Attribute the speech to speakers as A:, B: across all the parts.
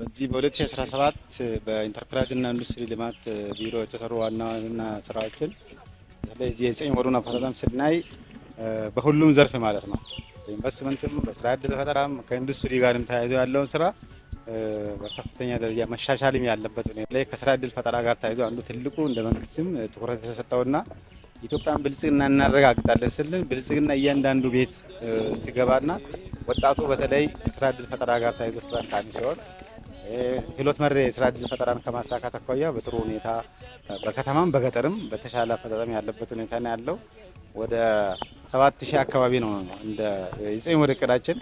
A: በዚህ በ2017 በኢንተርፕራይዝና ኢንዱስትሪ ልማት ቢሮ የተሰሩ ዋና ዋና ስራዎችን በተለይ እዚህ የዘጠኝ ወሩን አፈጻጸም ስናይ በሁሉም ዘርፍ ማለት ነው በኢንቨስትመንትም በስራ ዕድል ፈጠራም ከኢንዱስትሪ ጋርም ተያይዞ ያለውን ስራ በከፍተኛ ደረጃ መሻሻልም ያለበት ሁኔታ ላይ ከስራ ዕድል ፈጠራ ጋር ተያይዞ አንዱ ትልቁ እንደ መንግስትም ትኩረት የተሰጠውና ኢትዮጵያን ብልጽግና እናረጋግጣለን ስልን ብልጽግና እያንዳንዱ ቤት ሲገባና ወጣቱ በተለይ ከስራ ድል ፈጠራ ጋር ተያይዞ ተጠቃሚ ሲሆን ህሎት መር የስራ እድል ፈጠራን ከማሳካት አኳያ በጥሩ ሁኔታ በከተማም በገጠርም በተሻለ አፈጻጸም ያለበት ሁኔታ ነው ያለው። ወደ 7000 አካባቢ ነው እንደ የጽም ወደ እቅዳችን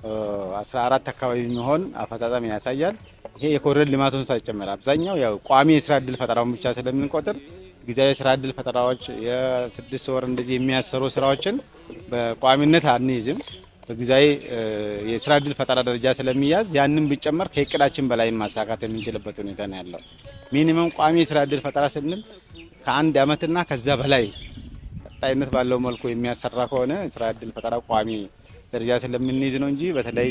A: ወደ 14 አካባቢ የሚሆን አፈጻጸም ያሳያል። ይሄ የኮሪደር ልማቱን ሳይጨምር አብዛኛው ያው ቋሚ የስራ እድል ፈጠራውን ብቻ ስለምንቆጥር ጊዜያዊ የስራ እድል ፈጠራዎች የስድስት ወር እንደዚህ የሚያሰሩ ስራዎችን በቋሚነት አንይዝም። በጊዜ የስራ እድል ፈጠራ ደረጃ ስለሚያዝ ያንን ቢጨመር ከእቅዳችን በላይ ማሳካት የምንችልበት ሁኔታ ነው ያለው። ሚኒመም ቋሚ የስራ እድል ፈጠራ ስንል ከአንድ አመትና ከዛ በላይ ቀጣይነት ባለው መልኩ የሚያሰራ ከሆነ ስራ እድል ፈጠራ ቋሚ ደረጃ ስለምንይዝ ነው እንጂ በተለይ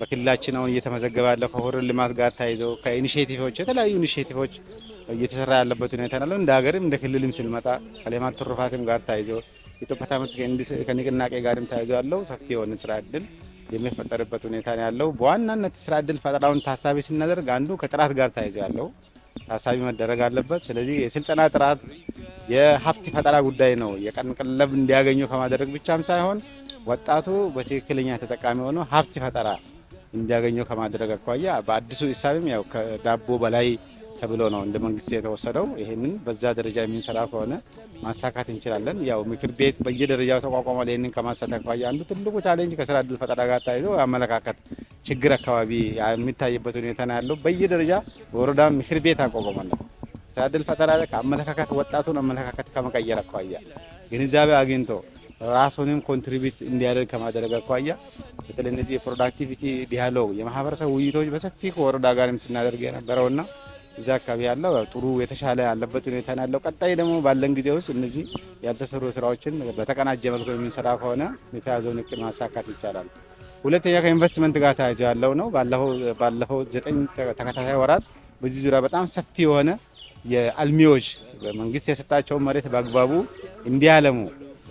A: በክልላችን አሁን እየተመዘገበ ያለው ከሆርን ልማት ጋር ተያይዘው ከኢኒሽቲቮች የተለያዩ ኢኒሽቲቮች እየተሰራ ያለበት ሁኔታ ነው። እንደ ሀገርም እንደ ክልልም ስንመጣ ከሌማት ትሩፋትም ጋር ታይዞ የኢትዮጵያ ታምርት ከንቅናቄ ጋርም ታይዞ ያለው ሰፊ የሆነ ስራ እድል የሚፈጠርበት ሁኔታ ነው ያለው። በዋናነት ስራ እድል ፈጠራውን ታሳቢ ስናደርግ አንዱ ከጥራት ጋር ታይዞ ያለው ታሳቢ መደረግ አለበት። ስለዚህ የስልጠና ጥራት የሀብት ፈጠራ ጉዳይ ነው። የቀን ቀለብ እንዲያገኙ ከማድረግ ብቻም ሳይሆን ወጣቱ በትክክለኛ ተጠቃሚ ሆኖ ሀብት ፈጠራ እንዲያገኙ ከማድረግ አኳያ በአዲሱ ሂሳብም ያው ከዳቦ በላይ ተብሎ ነው እንደ መንግስት የተወሰደው። ይህንን በዛ ደረጃ የምንሰራ ከሆነ ማሳካት እንችላለን። ያው ምክር ቤት በየደረጃው ተቋቋመ። ይህንን ከማሳት አኳያ አንዱ ትልቁ ቻሌንጅ ከስራ እድል ፈጠራ ጋር ታይዞ አመለካከት ችግር አካባቢ የሚታይበት ሁኔታ ነው ያለው። በየደረጃ በወረዳ ምክር ቤት አቋቋሟል። ስራ እድል ፈጠራ ከአመለካከት ወጣቱን አመለካከት ከመቀየር አኳያ ግንዛቤ አግኝቶ ራሱንም ኮንትሪቢዩት እንዲያደርግ ከማድረግ አኳያ በተለይ እነዚህ የፕሮዳክቲቪቲ ዲያሎግ የማህበረሰብ ውይይቶች በሰፊ ከወረዳ ጋርም ስናደርግ የነበረውና እዚያ አካባቢ ያለው ጥሩ የተሻለ ያለበት ሁኔታ ያለው። ቀጣይ ደግሞ ባለን ጊዜ ውስጥ እነዚህ ያልተሰሩ ስራዎችን በተቀናጀ መልኩ የምንሰራ ከሆነ የተያዘውን እቅድ ማሳካት ይቻላል። ሁለተኛ ከኢንቨስትመንት ጋር ተያይዞ ያለው ነው። ባለፈው ዘጠኝ ተከታታይ ወራት በዚህ ዙሪያ በጣም ሰፊ የሆነ የአልሚዎች መንግስት የሰጣቸውን መሬት በአግባቡ እንዲያለሙ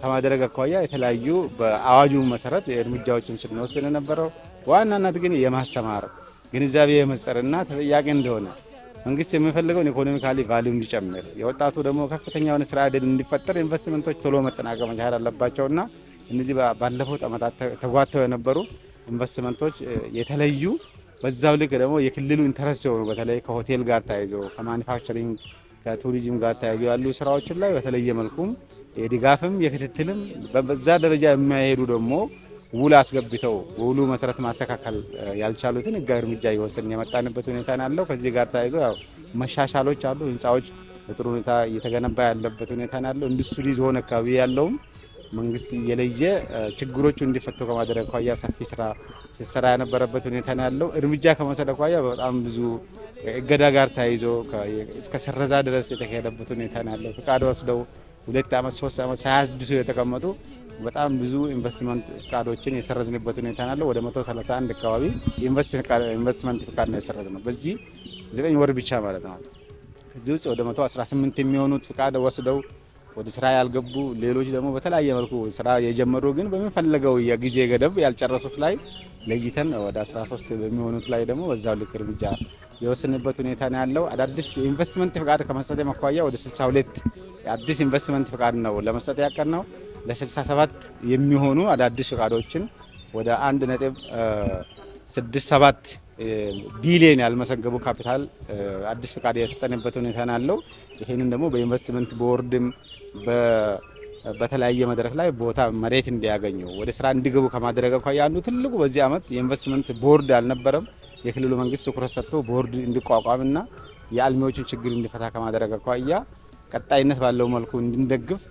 A: ከማድረግ አኳያ የተለያዩ በአዋጁ መሰረት የእርምጃዎችን ስንወስድ የነበረው ዋናነት ግን የማሰማር ግንዛቤ የመፀርና ተጠያቂ እንደሆነ መንግስት የሚፈልገውን ኢኮኖሚካሊ ቫሊዩ እንዲጨምር የወጣቱ ደግሞ ከፍተኛ የሆነ ስራ ዕድል እንዲፈጠር ኢንቨስትመንቶች ቶሎ መጠናቀቅ መቻል አለባቸው እና እነዚህ ባለፉት ዓመታት ተጓተው የነበሩ ኢንቨስትመንቶች የተለዩ በዛው ልክ ደግሞ የክልሉ ኢንተረስት የሆኑ በተለይ ከሆቴል ጋር ተያይዞ ከማኒፋክቸሪንግ ከቱሪዝም ጋር ተያይዞ ያሉ ስራዎችን ላይ በተለየ መልኩም የድጋፍም የክትትልም በዛ ደረጃ የሚያሄዱ ደግሞ ውል አስገብተው በውሉ መሰረት ማስተካከል ያልቻሉትን ህጋዊ እርምጃ እየወሰድን የመጣንበት ሁኔታ ያለው። ከዚህ ጋር ተያይዞ ያው መሻሻሎች አሉ። ህንፃዎች በጥሩ ሁኔታ እየተገነባ ያለበት ሁኔታ ያለው። ኢንዱስትሪ ዞን አካባቢ ያለውም መንግስት እየለየ ችግሮቹ እንዲፈቱ ከማድረግ ኳያ ሰፊ ስራ ሲሰራ የነበረበት ሁኔታ ያለው። እርምጃ ከመሰለ ኳያ በጣም ብዙ እገዳ ጋር ተያይዞ እስከ ስረዛ ድረስ የተካሄደበት ሁኔታ ያለው። ፍቃድ ወስደው ሁለት ዓመት ሶስት ዓመት ሳያድሱ የተቀመጡ በጣም ብዙ ኢንቨስትመንት ፍቃዶችን የሰረዝንበት ሁኔታ ያለው ወደ 131 አካባቢ ኢንቨስትመንት ፍቃድ ነው የሰረዝ ነው በዚህ 9 ወር ብቻ ማለት ነው። ከዚህ ውጭ ወደ 118 የሚሆኑት ፍቃድ ወስደው ወደ ስራ ያልገቡ፣ ሌሎች ደግሞ በተለያየ መልኩ ስራ የጀመሩ ግን በሚፈለገው የጊዜ ገደብ ያልጨረሱት ላይ ለይተን ወደ 13 በሚሆኑት ላይ ደግሞ በዛው ልክ እርምጃ የወሰንበት ሁኔታ ነው ያለው። አዳዲስ ኢንቨስትመንት ፍቃድ ከመስጠት አኳያ ወደ 62 አዲስ ኢንቨስትመንት ፍቃድ ነው ለመስጠት ያቀድ ነው። ለ67 የሚሆኑ አዳዲስ ፍቃዶችን ወደ 1.67 ቢሊዮን ያልመሰገቡ ካፒታል አዲስ ፍቃድ የሰጠንበት ሁኔታ ናለው። ይህንን ደግሞ በኢንቨስትመንት ቦርድም በተለያየ መድረክ ላይ ቦታ መሬት እንዲያገኙ ወደ ስራ እንዲገቡ ከማድረግ አኳያ አንዱ ትልቁ በዚህ ዓመት የኢንቨስትመንት ቦርድ አልነበረም። የክልሉ መንግስት ትኩረት ሰጥቶ ቦርድ እንዲቋቋምና የአልሚዎቹን ችግር እንዲፈታ ከማድረግ አኳያ ቀጣይነት ባለው መልኩ እንድንደግፍ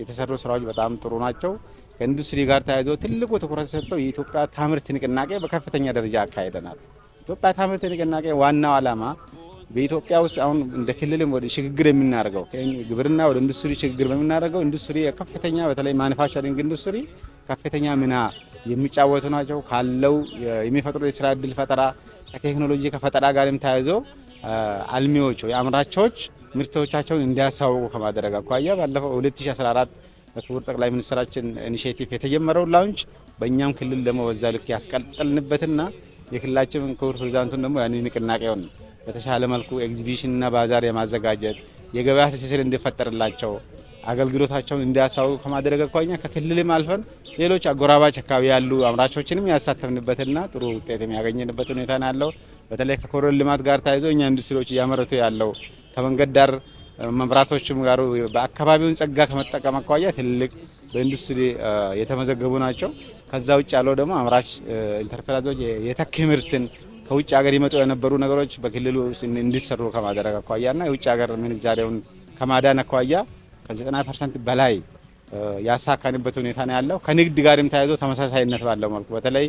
A: የተሰሩ ስራዎች በጣም ጥሩ ናቸው። ከኢንዱስትሪ ጋር ተያይዞ ትልቁ ትኩረት የሰጠው የኢትዮጵያ ታምርት ንቅናቄ በከፍተኛ ደረጃ አካሄደናል። ኢትዮጵያ ታምርት ንቅናቄ ዋናው ዓላማ በኢትዮጵያ ውስጥ አሁን እንደ ክልልም ወደ ሽግግር የምናደርገው ግብርና ወደ ኢንዱስትሪ ሽግግር በምናደርገው ኢንዱስትሪ ከፍተኛ በተለይ ማኒፋክቸሪንግ ኢንዱስትሪ ከፍተኛ ሚና የሚጫወቱ ናቸው። ካለው የሚፈጥሩ የስራ እድል ፈጠራ ከቴክኖሎጂ ከፈጠራ ጋርም ተያይዞ አልሚዎች ወይ አምራቾች ምርቶቻቸውን እንዲያሳውቁ ከማድረግ አኳያ ባለፈው 2014 በክቡር ጠቅላይ ሚኒስትራችን ኢኒሽቲቭ የተጀመረው ላውንች በእኛም ክልል ደግሞ በዛ ልክ ያስቀጠልንበትና የክልላችን ክቡር ፕሬዚዳንቱን ደግሞ ያን ንቅናቄውን በተሻለ መልኩ ኤግዚቢሽንና ባዛር የማዘጋጀት የገበያ ትስስር እንዲፈጠርላቸው አገልግሎታቸውን እንዲያሳውቁ ከማድረግ አኳያ ከክልልም አልፈን ሌሎች አጎራባች አካባቢ ያሉ አምራቾችንም ያሳተፍንበትና ጥሩ ውጤት የሚያገኝንበት ሁኔታ ነው ያለው። በተለይ ከኮሪደር ልማት ጋር ተያይዞ እኛ ኢንዱስትሪዎች እያመረቱ ያለው ከመንገድ ዳር መብራቶችም ጋር በአካባቢውን ጸጋ ከመጠቀም አኳያ ትልቅ በኢንዱስትሪ የተመዘገቡ ናቸው። ከዛ ውጭ ያለው ደግሞ አምራች ኢንተርፕራይዞች የተክ ምርትን ከውጭ ሀገር ይመጡ የነበሩ ነገሮች በክልሉ እንዲሰሩ ከማድረግ አኳያና የውጭ ሀገር ምንዛሬውን ከማዳን አኳያ ከ90 ፐርሰንት በላይ ያሳካንበት ሁኔታ ነው ያለው። ከንግድ ጋርም ተያይዞ ተመሳሳይነት ባለው መልኩ በተለይ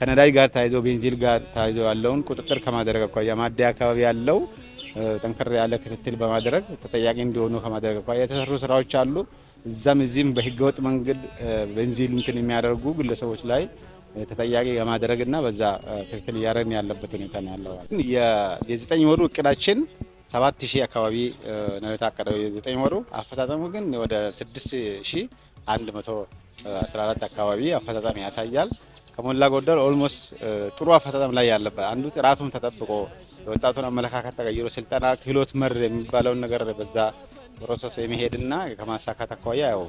A: ከነዳጅ ጋር ተያይዞ ቤንዚል ጋር ተያይዞ ያለውን ቁጥጥር ከማድረግ አኳያ ማደያ አካባቢ ያለው ጠንከር ያለ ክትትል በማድረግ ተጠያቂ እንዲሆኑ ከማድረግ የተሰሩ ስራዎች አሉ። እዛም እዚህም በህገወጥ መንገድ ቤንዚን እንትን የሚያደርጉ ግለሰቦች ላይ ተጠያቂ የማድረግና በዛ ክትትል እያደረግን ያለበት ሁኔታ ነው ያለው። የዘጠኝ ወሩ እቅዳችን ሰባት ሺህ አካባቢ ነው የታቀደው የዘጠኝ ወሩ አፈጻጸሙ ግን ወደ ስድስት ሺህ 114 አካባቢ አፈጻጸም ያሳያል። ከሞላ ጎደል ኦልሞስት ጥሩ አፈጻጸም ላይ ያለበት አንዱ ጥራቱም ተጠብቆ የወጣቱን አመለካከት ተቀይሮ ስልጠና ክህሎት መር የሚባለውን ነገር በዛ ፕሮሰስ የመሄድና ከማሳካት አኳያ ያው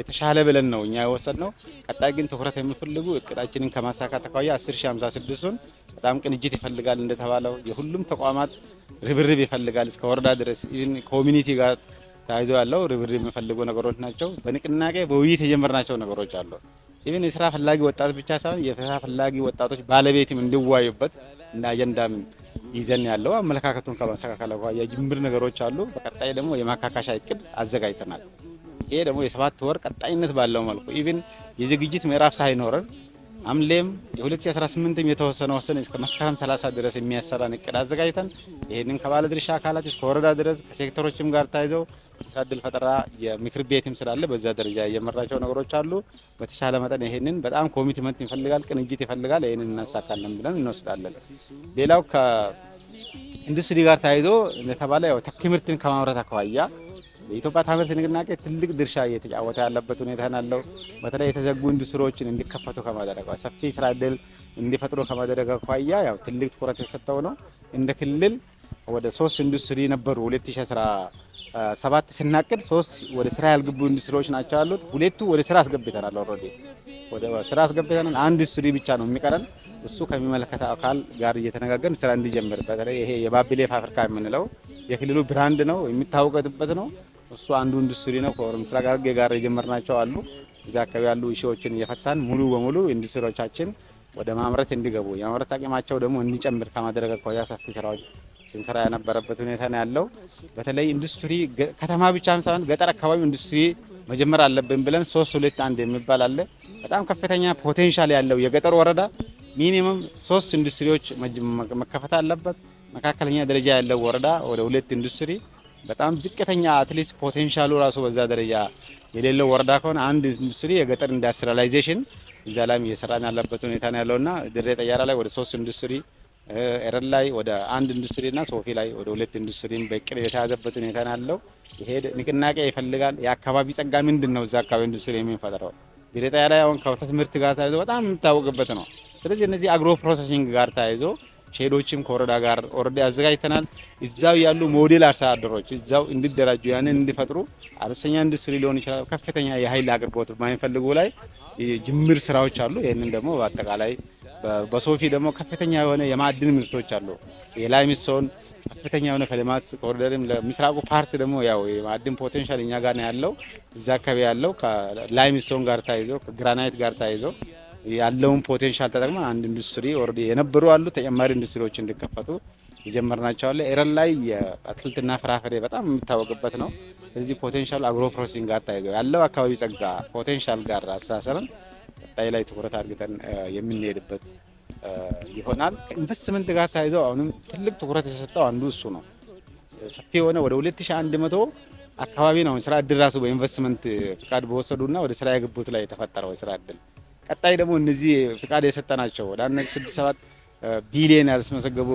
A: የተሻለ ብለን ነው እኛ ነው። ቀጣይ ግን ትኩረት የሚፈልጉ እቅዳችንን ከማሳካት አኳያ 1056ን በጣም ቅንጅት ይፈልጋል እንደተባለው የሁሉም ተቋማት ርብርብ ይፈልጋል። እስከ ወረዳ ድረስ ኢቭን ኮሚኒቲ ጋር ተያይዞ ያለው ርብርብ የሚፈልጉ ነገሮች ናቸው። በንቅናቄ በውይይት የጀመርናቸው ነገሮች አሉ። ኢቨን የስራ ፈላጊ ወጣት ብቻ ሳይሆን የስራ ፈላጊ ወጣቶች ባለቤትም እንዲዋዩበት እና አጀንዳም ይዘን ያለው አመለካከቱን ከማስተካከል አኳያ ጅምር ነገሮች አሉ። በቀጣይ ደግሞ የማካካሻ እቅድ አዘጋጅተናል። ይሄ ደግሞ የሰባት ወር ቀጣይነት ባለው መልኩ ኢቨን የዝግጅት ምዕራፍ ሳይኖረን አምሌም የ2018 የተወሰነ ወሰነ እስከ መስከረም 30 ድረስ የሚያሰራን እቅድ አዘጋጅተን ይህንን ከባለ ድርሻ አካላት እስከ ወረዳ ድረስ ከሴክተሮችም ጋር ተያይዘው የስራ እድል ፈጠራ የምክር ቤትም ስላለ በዛ ደረጃ የመራቸው ነገሮች አሉ። በተሻለ መጠን ይህንን በጣም ኮሚትመንት ይፈልጋል፣ ቅንጅት ይፈልጋል። ይህንን እናሳካለን ብለን እንወስዳለን። ሌላው ከኢንዱስትሪ ጋር ተያይዞ እንደተባለ ያው ተኪ ምርትን ከማምረት አኳያ የኢትዮጵያ ታምርት ንቅናቄ ትልቅ ድርሻ እየተጫወተ ያለበት ሁኔታ ናለው። በተለይ የተዘጉ ኢንዱስትሪዎችን እንዲከፈቱ ከማደረገ ሰፊ ስራ እድል እንዲፈጥሩ ከማደረገ አኳያ ያው ትልቅ ትኩረት የሰጠው ነው። እንደ ክልል ወደ ሶስት ኢንዱስትሪ ነበሩ 2017 ስናቅድ ሶስት ወደ ስራ ያልገቡ ኢንዱስትሪዎች ናቸው ያሉት። ሁለቱ ወደ ስራ አስገብተናል። ኦልሬዲ ወደ ስራ አስገብተናል። አንድ ኢንዱስትሪ ብቻ ነው የሚቀረን። እሱ ከሚመለከተ አካል ጋር እየተነጋገርን ስራ እንዲጀምር በተለይ ይሄ የባቢሌ ፋብሪካ የምንለው የክልሉ ብራንድ ነው የሚታወቅበት ነው እሱ አንዱ ኢንዱስትሪ ነው። ከምስራቅ ሐረርጌ ጋር የጀመርናቸው አሉ። እዚህ አካባቢ ያሉ እሺዎችን እየፈታን ሙሉ በሙሉ ኢንዱስትሪዎቻችን ወደ ማምረት እንዲገቡ የማምረት አቅማቸው ደግሞ እንዲጨምር ከማድረግ አኳያ ሰፊ ስራዎች ስንሰራ የነበረበት ሁኔታ ነው ያለው። በተለይ ኢንዱስትሪ ከተማ ብቻ ሳይሆን ገጠር አካባቢ ኢንዱስትሪ መጀመር አለብን ብለን ሶስት ሁለት አንድ የሚባል አለ። በጣም ከፍተኛ ፖቴንሻል ያለው የገጠር ወረዳ ሚኒመም ሶስት ኢንዱስትሪዎች መከፈት አለበት። መካከለኛ ደረጃ ያለው ወረዳ ወደ ሁለት ኢንዱስትሪ በጣም ዝቅተኛ አትሊስት ፖቴንሻሉ ራሱ በዛ ደረጃ የሌለው ወረዳ ከሆነ አንድ ኢንዱስትሪ የገጠር ኢንዳስትሪላይዜሽን እዛ ላይም እየሰራን ያለበት ሁኔታ ነው እና ድሬ ጠያራ ላይ ወደ ሶስት ኢንዱስትሪ ኤረን ላይ ወደ አንድ ኢንዱስትሪና ሶፊ ላይ ወደ ሁለት ኢንዱስትሪን በቅድ የተያዘበት ሁኔታ ነው ያለው። ይሄ ንቅናቄ ይፈልጋል። የአካባቢ ጸጋ ምንድን ነው? እዛ አካባቢ ኢንዱስትሪ የሚፈጠረው ድሬ ጠያራ አሁን ከወተት ምርት ጋር ተያይዞ በጣም የሚታወቅበት ነው። ስለዚህ እነዚህ አግሮ ፕሮሰሲንግ ጋር ተያይዞ ሼዶችም ከወረዳ ጋር ኦልሬዲ አዘጋጅተናል። እዛው ያሉ ሞዴል አርሶ አደሮች እዛው እንዲደራጁ ያንን እንዲፈጥሩ አነስተኛ ኢንዱስትሪ ሊሆን ይችላል፣ ከፍተኛ የኃይል አቅርቦት በማይፈልጉ ላይ ጅምር ስራዎች አሉ። ይህንን ደግሞ በአጠቃላይ በሶፊ ደግሞ ከፍተኛ የሆነ የማዕድን ምርቶች አሉ። የላይምስቶን ከፍተኛ የሆነ ከልማት ኮሪደርም ለምስራቁ ፓርት ደግሞ ያው የማዕድን ፖቴንሻል እኛ ጋር ነው ያለው። እዛ አካባቢ ያለው ከላይምስቶን ጋር ታይዞ ከግራናይት ጋር ተያይዞ ያለውን ፖቴንሻል ተጠቅመ አንድ ኢንዱስትሪ ኦልሬዲ የነበሩ አሉ ተጨማሪ ኢንዱስትሪዎች እንዲከፈቱ የጀመርናቸው አለ። ላይ የአትክልትና ፍራፍሬ በጣም የሚታወቅበት ነው። ስለዚህ ፖቴንሻል አግሮ ፕሮሰሲንግ ጋር ታይገው ያለው አካባቢ ጸጋ ፖቴንሻል ጋር አስተሳሰርን ቀጣይ ላይ ትኩረት አድርገን የምንሄድበት ይሆናል። ከኢንቨስትመንት ጋር ተያይዘው አሁንም ትልቅ ትኩረት የተሰጠው አንዱ እሱ ነው። ሰፊ የሆነ ወደ 2100 አካባቢ ነው ስራ እድል ራሱ በኢንቨስትመንት ፍቃድ በወሰዱና ወደ ስራ የገቡት ላይ የተፈጠረው የስራ እድል ቀጣይ ደግሞ እነዚህ ፍቃድ የሰጠናቸው ወደ አንድ ስድስት ሰባት ቢሊዮን ያስመዘገቡ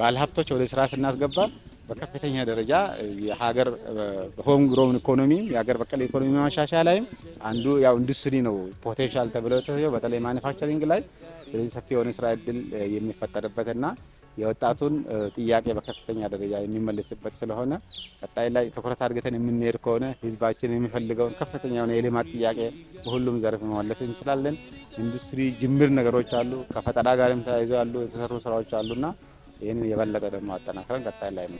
A: ባለሀብቶች ወደ ስራ ስናስገባ በከፍተኛ ደረጃ የሀገር ሆም ግሮን ኢኮኖሚ የሀገር በቀል ኢኮኖሚ ማሻሻያ ላይም አንዱ ያው ኢንዱስትሪ ነው ፖቴንሻል ተብሎ በተለይ ማኒፋክቸሪንግ ላይ ሰፊ የሆነ ስራ እድል የሚፈጠርበትና የወጣቱን ጥያቄ በከፍተኛ ደረጃ የሚመለስበት ስለሆነ ቀጣይ ላይ ትኩረት አድርገን የምንሄድ ከሆነ ህዝባችን የሚፈልገውን ከፍተኛ የሆነ የልማት ጥያቄ በሁሉም ዘርፍ መመለስ እንችላለን። ኢንዱስትሪ ጅምር ነገሮች አሉ፣ ከፈጠራ ጋርም ተያይዞ ያሉ የተሰሩ ስራዎች አሉና ይህንን የበለጠ ደግሞ አጠናክረን ቀጣይ ላይ ነው።